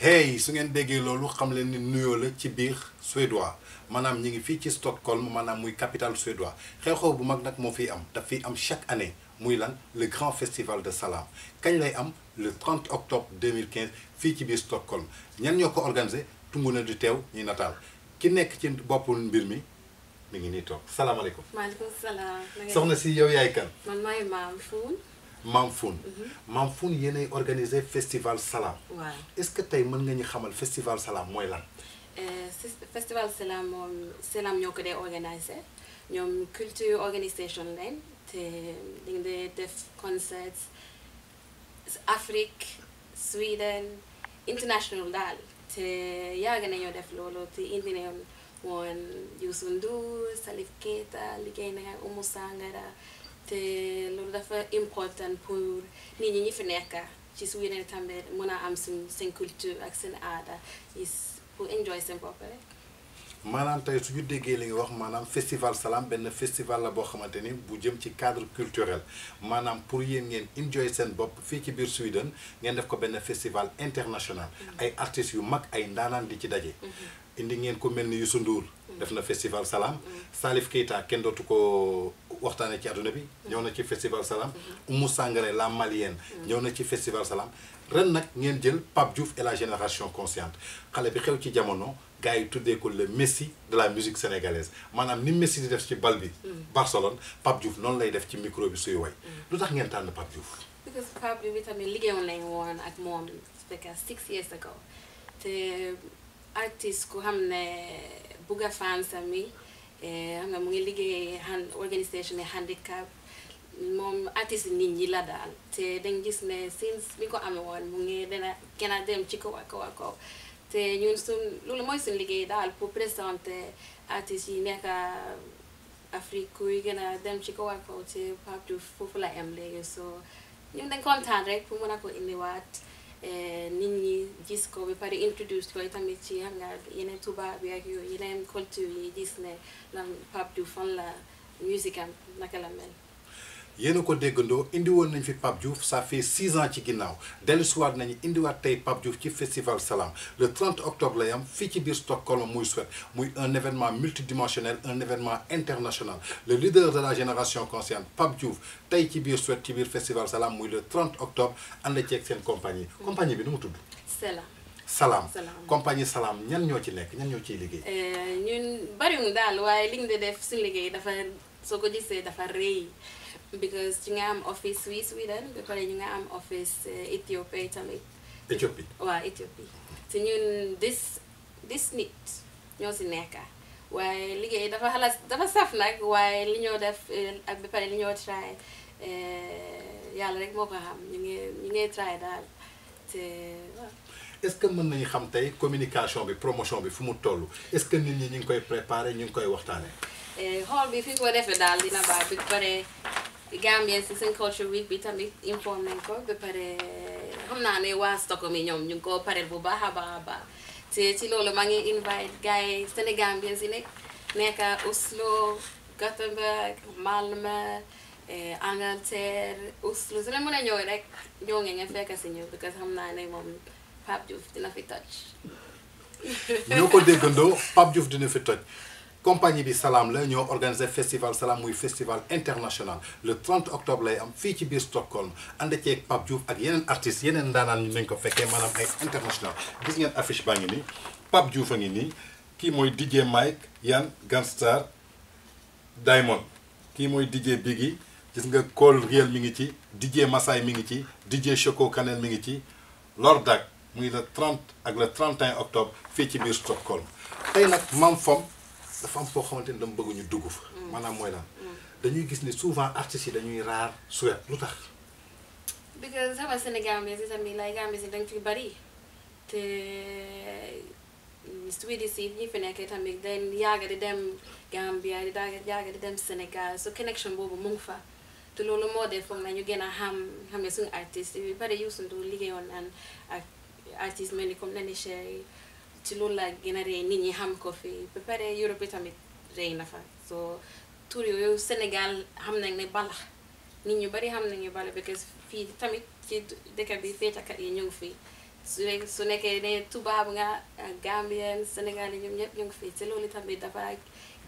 hey su ngeen déggee loolu xam leen ni nuyoo la ci biir suédois maanaam ñi ngi fii ci Stockholm maanaam muy capital suédois xew-xew bu mag nag moo fiy am daf fiy am chaque année muy lan le grand festival de salam kañ lay am le 30 octobre 2015 fii ci biir Stockholm ñan ñoo ko organisé tungu na di teew ñuy nataal ki nekk ci boppu mbir mi mu ngi nii toog salaamaaleykum. maaleykum soxna si yow yaay kan. Mamfoun. Mhm. Mamfoun yéenay organiser festival Salam. waaw est-ce que tey mën nga ñu xamal festival Salam mooy lan. Euh, festival Salam moom Salam ñoo ko dee organiser ñoom culture organisation lañ te dañ dee def concerts Afrique Sweden international daal te yàgg nañoo def loolu te indi nañu woon Youssou Salif Keita liggéey na Oumou Sangara. te loolu dafa important pour nit ñi ñi fi nekk ci su yeneen tamit mën a am suñ seen culture ak seen aada is pour enjoy seen bopp rek maanaam tey suñu déggee li nga wax maanaam festival salaam benn festival la boo xamante ni bu jëm ci cadre culturel maanaam pour yéen ngeen enjoy seen bopp fii ci biir Sweden ngeen def ko benn festival international mm-hmm. ay artistes yu mag ay ndaanaan di ci daje mm-hmm. indi ngeen ko mel ni Youssou Ndour mm-hmm. def na festival salaam Salif Keita kenn dootu ko waxtaanee ci aduna bi ñëw na ci festival Salam Oumou Sangaré la malienne ñëw na ci festival Salam ren nak ngeen jël Pape Diouf et la génération consciente xalé bi xew ci jamono gaay tuddé ko le Messi de la musique sénégalaise manam ni Messi di def ci bal bi mm. Barcelone Pape Diouf non lay def ci micro bi suy way mm. lutax ngeen tan Pape Diouf parce que Pape Diouf bi tamit liggéeyoon lañ woon ak moom six years ago te artiste ko xam ne fans fansam yi Eh, xam nga mu ngi liggéey hand organisation handicap moom artiste nit ñi la daal te dañ gis ne since bi ko amee woon mu ngi dana kenn a dem ci kaw ak kaw ak kaw te ñun suñ loolu mooy suñ liggéey daal pour présent artistes yi nekk Afrique kuy gën a dem ci kaw ak kaw te Pape Diouf foofu la am léegi so ñun dañ kontaan rek pour mën a ko indiwaat Eh, nit ñi gis ko ba pare introduce ko tamit ci xam nga yeneen tubaab bi ak yooyu yeneen culture yi gis ne lan Pape Diouf fan la musique am naka la mel. yéen a ko déggandoo indi woon nañ fi Pape Diouf ça fait 6 ans ci ginnaaw dellusiwaat nañu indiwaat tey Pape Diouf ci festival Salam le 30 octobre Layam, am ci Stockholm muy muy un événement multidimensionnel un événement international le leader de la génération consciente Pape Diouf tey ci festival Salam muy le 30 octobre ànd ceeg seen compagnie mm-hmm. compagnie bi nu mu Salam. Salam. salam. compagnie Salam, ñan ñoo ci nekk ñan ñoo ciy liggéey. Eh, ñun bariwul daal waaye liñ de def suñu liggéey dafa soo ko gisee dafa because ci nga am office wi Sweden ba pare ñu nga am office eh, Ethiopia tamit. Éthiopie waaw Éthiopie. si ñun dis dis nit ñoo si nekka waaye liggéey dafa xalaat dafa saf nag waaye li ñoo def eh, ak ba pare li ñoo try eh, yàlla rek moo ko xam ñu ngi ñu ngi try daal te waaw. est-ce que mën nañu xam tey communication bi promotion bi fu mu toll est-ce que nit ñi ñu ngi koy préparer ñu ngi koy waxtaanee. xool bi fi ko defee daal dina baax bi pare Gambian Citizen Culture Week bi tamit inform nañ ko pare xam naa ne waa Stockholm yi ñoom ñu ngi ko pareel bu invite gars yi Sénégambiens yi nekk Oslo Gothenburg Malmö eh, Angleterre Oslo su ne mën a ñëw rek ñëw ngeen ngeen fekk si ñu because xam naa ne moom Pape Diouf dina fi toj. ñoo ko déggandoo Pape Diouf dina compagnie bi Salam la ñoo organisé festival salam muy festival international le 30 octobre lay am fi ci bir Stockholm avec ceeg Pape Diouf ak yeneen artistes yeneen ndaanaan ñu nañ ko fekke manam ay international gis ngeen affiche baa ngi pap Pape Diouf a ngi DJ Mike Yann Gangstar Diamond qui moy DJ Biggie gis nga Cole Riel mi ngi ci DJ masay mi ngi ci DJ Choco Canel mi ngi ci Lordak muy le 30 ak le 31 octobre fi ci bir Stockholm tay nak Mam fam dafa am foo xamante ni dama bëgg ñu dugg fa. Mm. maanaam mooy lan mm. dañuy gis ni souvent artistes yi dañuy raar suwet lu tax. because sama Sénégal mi si tamit lay Gambie si dañ fi bari te euh, yi ñi nekkee tamit dañ yàgg di dem Gambia di yàgg di dem Sénégal so connection boobu mu ngi fa te loolu moo def foog na ñu gën a xam xam ne suñu artistes yi bari yu suñu liggéeyoon naan ak artistes mel ni comme Nandy Cherry ci loolu laa gën a rey nit ñi xam ko fii ba pare Europe tamit rey na fa so tur yooyu Sénégal xam nañ ne bala nit ñu bari xam nañ ne bala because fii tamit ci dëkk bi feetakat yi ñu fii su ne su nekkee ne tubaab nga Gambien Sénégal yi ñoom ñëpp ñu ngi fii te loolu tamit dafa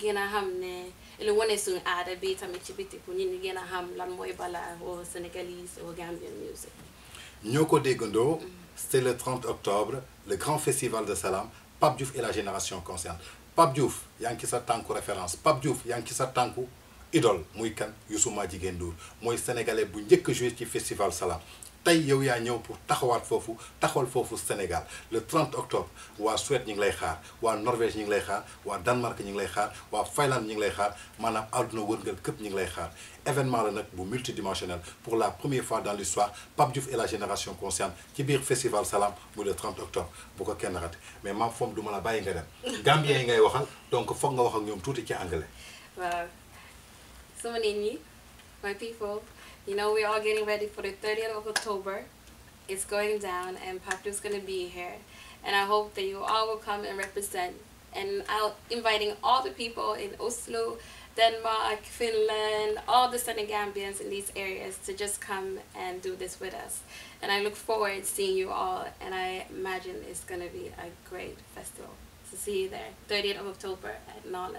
gën a xam ne lu wane suñu aada bi tamit ci biti pour ñun ñu gën a xam lan mooy bala au Sénégalais au Gambien music ñoo ko déggandoo. Mm-hmm. c'est le 30 octobre, le grand festival de Salam, Pape Diouf et la génération concernée. Pape Diouf, Yankissa qui référence Pape Diouf Yankissa ngi idole muy kan Youssou sénégalais bu a festival Salam tay pour Sénégal le 30 octobre waa Suède ñu ngi Norvège ngi Danemark Finlande événement multidimensionnel pour la première fois dans l'histoire Pape Diouf et la génération consciente ci festival Salam le 30 octobre bu ko raté mais Gambien yi ngay waxal donc wax ak anglais. sama people. You know, we're all getting ready for the 30th of October. It's going down, and Papu's going to be here. And I hope that you all will come and represent. And I'm inviting all the people in Oslo, Denmark, Finland, all the Senegambians in these areas to just come and do this with us. And I look forward seeing you all, and I imagine it's going to be a great festival. So see you there, 30th of October at Nana.